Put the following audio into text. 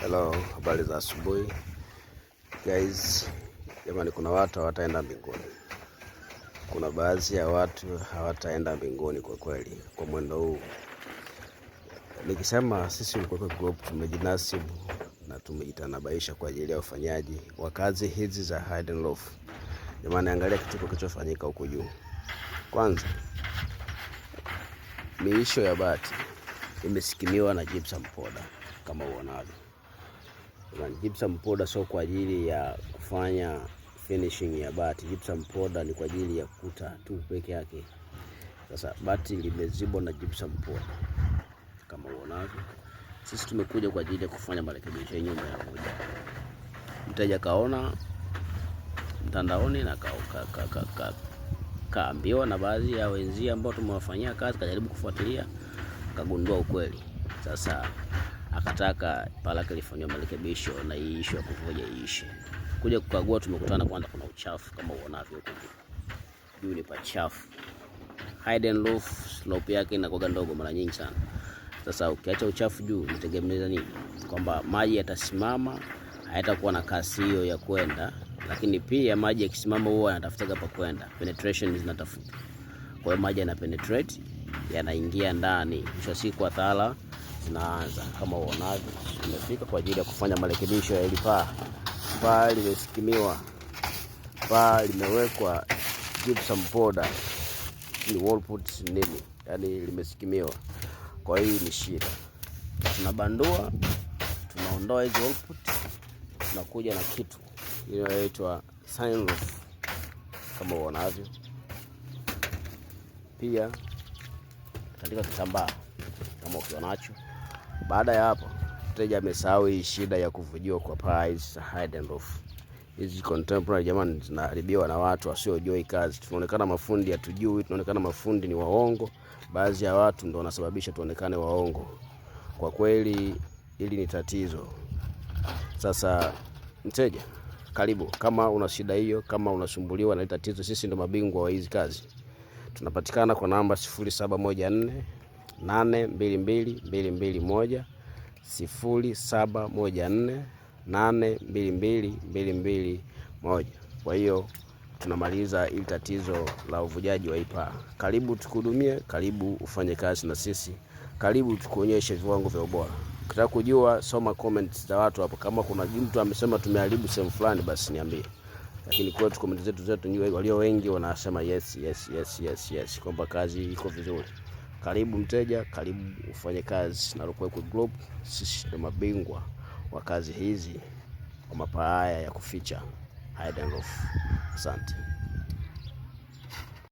Hello, habari za asubuhi guys. Jamani, kuna watu hawataenda mbinguni, kuna baadhi ya watu hawataenda mbinguni kwa kweli, kwa mwendo huu. Nikisema sisi Lukwekwe Group tumejinasibu na tumejitanabaisha kwa ajili ya ufanyaji wa kazi hizi za hide and love. Jamani, angalia kituko kilichofanyika huko juu. Kwanza miisho ya bati imesikimiwa na gypsum powder kama uonavyo Gypsum powder sio kwa ajili ya kufanya finishing ya bati. Gypsum powder ni kwa ajili ya kuta tu peke yake. Sasa bati limezibwa na gypsum powder kama uonavyo. Sisi tumekuja kwa ajili ya kufanya marekebisho ya nyumba ya moja. Mteja kaona mtandaoni na ka, ka, ka, ka, ka kaambiwa na baadhi ya wenzia ambao tumewafanyia kazi, kajaribu kufuatilia, kagundua ukweli sasa akataka talaka ilifanyiwa marekebisho na hii ishu ya kuvuja iishe. Kuja kukagua, tumekutana kwanza, kuna uchafu kama uonavyo huko juu, ni pachafu. Hidden roof slope yake inakuwa ndogo mara nyingi sana. Sasa ukiacha uchafu juu, unategemea nini? Kwamba maji yatasimama, hayatakuwa na kasi hiyo ya kwenda, lakini pia maji yakisimama huwa yanatafutaga pa kwenda, penetration zinatafuta. Kwa hiyo maji yana penetrate, yanaingia ndani, mwisho siku athala zinaanza kama uonavyo, imefika kwa ajili ya kufanya marekebisho ya hili paa. Paa limesikimiwa, paa limewekwa gypsum powder, ni wall puts nini, yani limesikimiwa. Kwa hiyo ni shida, tunabandua tunaondoa hizo wall puts, tunakuja na kitu inayoitwa sunroof kama uonavyo, pia katika kitambaa kama ukionacho baada ya hapo, mteja amesahau hii shida ya kuvujiwa kwa paa hizi Heidenhoff. Hizi contemporary jamani, zinaharibiwa na watu wasiojua kazi. Tunaonekana mafundi hatujui, tunaonekana mafundi ni waongo. Baadhi ya watu ndio wanasababisha tuonekane waongo. Kwa kweli hili ni tatizo. Sasa mteja, karibu. Kama una shida hiyo, kama unasumbuliwa na tatizo, sisi ndio mabingwa wa hizi kazi. Tunapatikana kwa namba 0714 nane mbili mbili mbili mbili moja sifuri saba moja nne nane mbili mbili mbili mbili moja. Kwa hiyo tunamaliza ili tatizo la uvujaji wa ipaa. Karibu tukuhudumie, karibu ufanye kazi na sisi, karibu tukuonyeshe viwango vya ubora. Ukitaka kujua, soma comment za watu hapo. Kama kuna mtu amesema tumeharibu sehemu fulani, basi niambie. Lakini kwetu comment zetu zetu, walio wengi wanasema yes, yes, yes, yes, yes kwamba kazi iko vizuri. Karibu mteja, karibu ufanye kazi na Lukwekwe Group. Sisi ndio mabingwa wa kazi hizi kwa mapaa haya ya kuficha Asante.